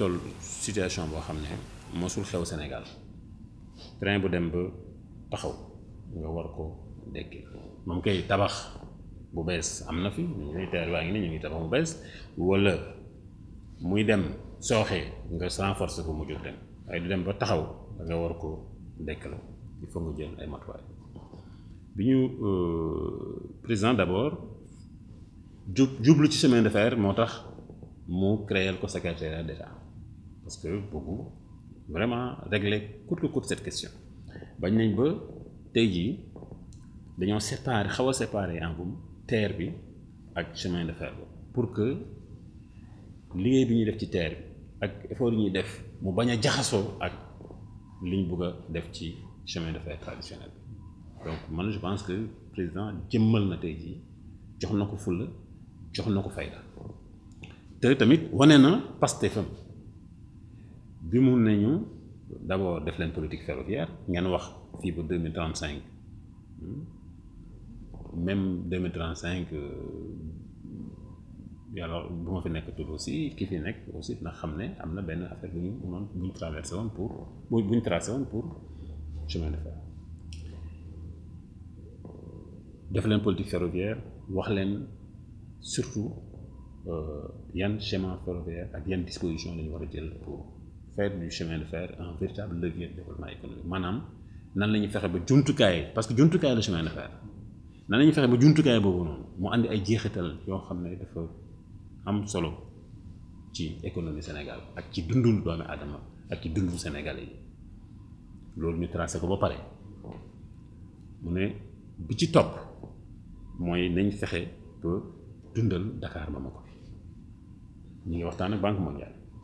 toll situation boo xam ne mosul xew Sénégal train bu dem ba taxaw nga war ko dekki moom kay tabax bu bees am na fi ñu ngi teer waa ngi ni ñu ngi tabax bu bees wala muy dem sooxee nga renforcer ko mu jóg dem waaye du dem ba taxaw da nga war ko dekkal il foog nga jël ay matuwaay bi ñu euh, président d'abord jub jublu ci chemin de fer moo tax mu créer ko secrétariat d'État parce que beaucoup vraiment régler coûte que coûte cette question bañ nañ ba tey jii dañoo séparer xaw a séparer en gum terre bi ak chemin de fer pour que liggéey bi ñuy def ci terre bi ak effort yi ñuy def mu bañ a jaxasoo ak liñ ñu a def ci chemin de fer traditionnel bi donc man je pense que président jëmmal na tey jii jox na ko fulla jox na ko fayda te tamit wane na Pastef am bimu nañu d' abord def leen politique ferroviaire ngeen wax fii ba deux mille trente cinq hmm? même deux mille trente cinq yàlla euh, bu ma fi nekkatul aussi ki fi nekk aussi dina xam ne am na affaire bu ñu mënoon bu ñu traversé pour bu ñu tracé pour chemin de fer def leen politique ferroviaire wax leen surtout euh, yan chemin ferroviaire à yan disposition la ñu war jël pour faire du chemin de fer un véritable levier de développement économique maanaam nan lañu fexé ba ba kay parce que kay la chemin de fer nan lañu fexé ba ba kay bobu non mo andi ay jeexital yo xamné dafa am solo ci économie Sénégal ak ci dundul doomi adama ak ci dundul Sénégalais yi loolu ñu tracé ko ba paré. mu ne bi ci top mooy nañ fexe ba dundal Dakar Bamako ñu ngi waxtaan ak Banque mondiale.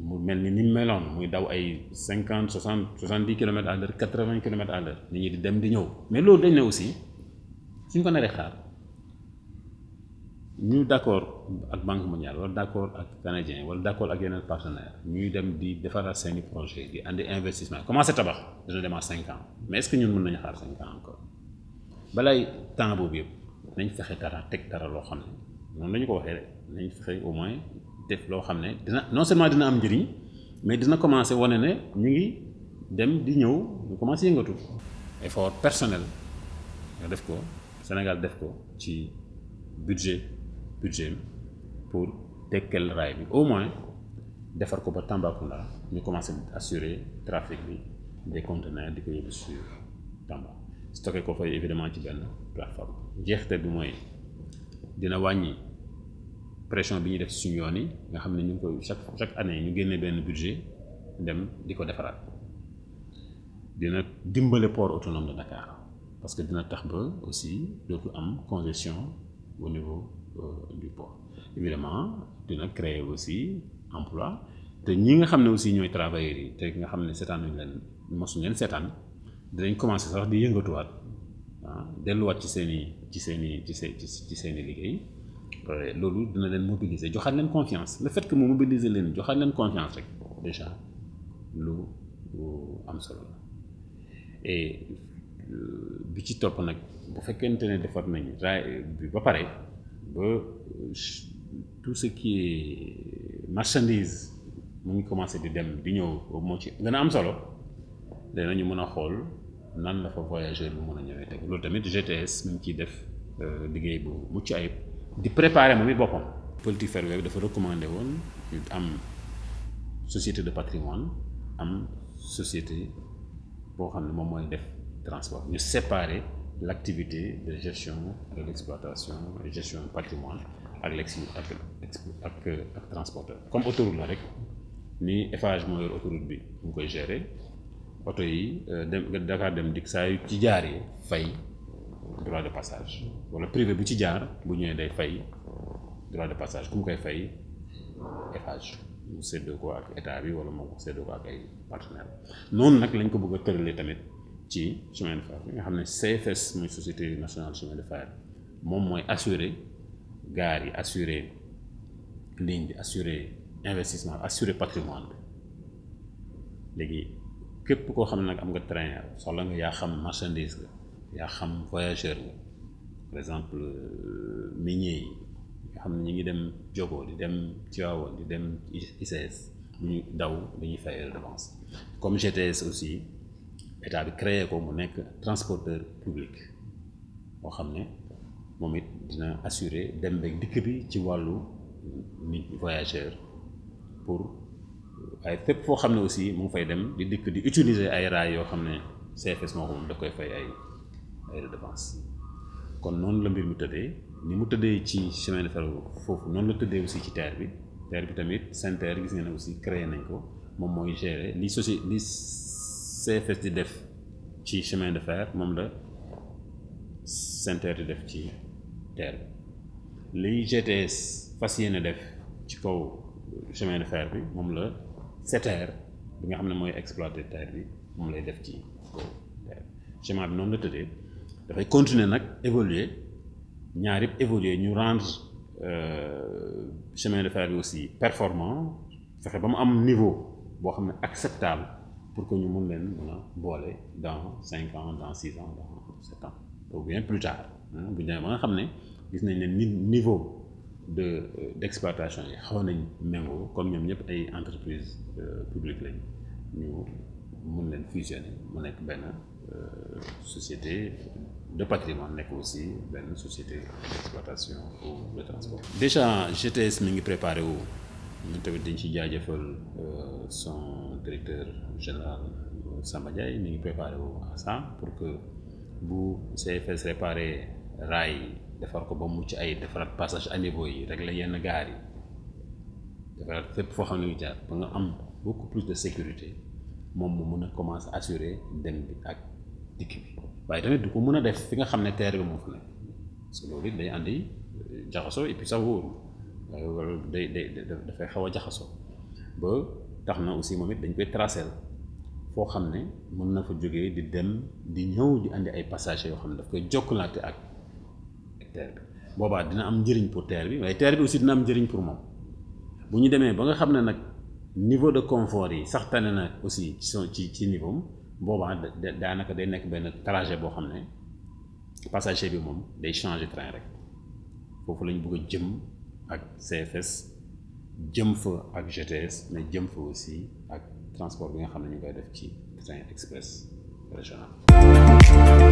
mu mel ni ni meloon muy daw ay 50 60 70 km à l'heure 80 km à l'heure di dem di mais l'autre dañ aussi c'est ko naree xaar ñu d'accord avec banque mondiale avec d'accord ak canadien partenaires, nous accord ak yeneen partenaire ñuy dem di defaral projet di andi investissement commencé tabax je demande à 5 ans mais est ce que ñun mën nañu xaar 5 ans encore balay temps boobu yëpp nañ fexe dara teg dara loo xam ne noonu la ñu ko waxee rek nañ au moins def lo xamné dina non seulement dina am njëriñ mais dina commencer woné né ñi ngi dem di ñëw ñu commencer yëngatu effort personnel nga def ko Sénégal def ko ci budget budget pour Tekkel raay bi au moins defar ko ba Tambacounda ñu commencer assurer trafic bi des conteneurs di ko yóbbu sur Tamba stocké ko fay évidemment ci benn plateforme jeexte bi mooy dina wàññi pression bi ñuy def suñu yoon yi nga xam ne ñu ngi koy chaque chaque année ñu génne benn budget dem di ko defaraat dina dimbale port autonome de Dakar parce que dina tax ba aussi dootu am congestion au niveau euh, du port évidemment dina créer aussi emploi te ñi nga xam ne aussi ñooy travailleurs yi te nga xam ne seetaanuñu leen mosuñu leen seetaan dinañ commencé sax di yëngatuwaat ah delluwaat ci seen i ci seen i ci seen ci seen i liggéey euh, loolu dina leen mobiliser joxaat leen confiance le fait que mu mobiliser leen joxaat leen confiance rek déjà lu lu am solo la et euh, bi ci topp nag bu fekkente ne defar nañu bi ba pare ba tout ce qui est marchandise mu ngi commencé di dem di ñëw moo ci gën a am solo danañu mën a xool nan la fa voyageur bi mën a ñëwee teg loolu tamit GTS mu ngi ciy def euh, liggéey bu mucc ayib de préparer moom boppam. politique ferroviaire bi dafa recommandé woon ñu am société de patrimoine am société boo xam ne moom def transport ñu séparer l'activité activité de gestion de l'exploitation, exploitation gestion patrimoine avec lex ak ak transporteur. comme autoroute la rek ni effage moo yor autoroute bi mu koy gérer oto yi euh, dem Dakar dem dikk saa yu ci yi fay droit de passage wala privé bu ci jaar bu ñëwé day fay droit de passage kum mu koy fay Eiffage mu séddoo ko ak état bi wala mo ko séddoo ko ak ay partenaire Non nak lañ ko bëgg a tamit ci chemin de fer nga xamné CFS mooy société nationale chemin de fer mom moy assurer gare yi assurer ligne bi assurer investissement assurer patrimoine bi léegi képp koo xam ne nag am nga train soxla nga yaa xam marchandise la yaa xam voyageur yi par exemple euh, minier yi nga xam ne ñu ngi dem Jogo di dem Tivaouane di dem ICS bu ñu daw dañuy fay redevance comme GTS aussi état bi créé ko mu nekk transporteur public moo xam ne moom it dina assurer dem beeg dikk bi ci wàllu nit voyageur pour euh, ay fépp foo xam ne aussi mu ngi fay dem di dikk di utiliser ay raay yoo xam ne CFS moo ko moom koy fay ay kon noonu la mbir mu tëddee ni mu tëddee ci chemin de fer foofu noonu la tëddee aussi ci terre bi terre bi tamit SENTER gis ngeen ne aussi créé nañ ko moom mooy gérer li soci li di def ci chemin de fer moom la SENTER di def ci terre bi li GTS fas yéene def ci kaw chemin de fer bi moom la SETER bi nga xam ne mooy exploiter terre bi moom lay def ci kaw terre chemin bi noonu la tëddee. Il faut continuer à évoluer. à évoluer, évolué, nous rendre le euh, chemin de fer aussi performant. qu'il y avoir un niveau acceptable pour que nous puissions aller dans 5 ans, dans 6 ans, dans 7 ans. Ou bien plus tard. Nous avons savoir que le niveau euh, d'exploitation est très important comme nous avons une entreprise euh, publique. Nous pouvons fusionner, euh, société de patrimoine mais aussi une société d'exploitation ou de transport. déjà GTS mi préparé wu ñun tamit euh, son directeur général de euh, Ndiaye mi préparé à ça pour que bu CFS réparé raay yi defar ko ba mucc ay defaraat passage aniveaux yi régler les yenn de faire defaraat pour foo xam beaucoup plus de sécurité mon moment commence à assurer d'un. actes. dikk bi waaye tamit du ko mën a def fi nga xam ne terre bi moo fa nekk parce loolu day àndi euh, jaxasoo et puis sax wóoru euh, day day dafay xaw a jaxasoo ba tax na aussi moom it dañ koy tracel foo xam ne mën na fa jógee di dem di ñëw di àndi ay passagers yoo xam ne daf koy jokkalaate ak terre bi boobaa dina am njëriñ pour terre bi waaye terre bi aussi dina am njëriñ pour moom bu ñu demee ba nga xam ne nag niveau de confort yi sax tane na aussi ci ci niveau boobaa daanaka day nekk benn trajet boo xam ne passager bi moom day changer train rek foofu lañu ñu jëm ak CFS jëm fa ak GTS mais jëm fa aussi ak transport bi nga xam ne ñu koy def ci train express régional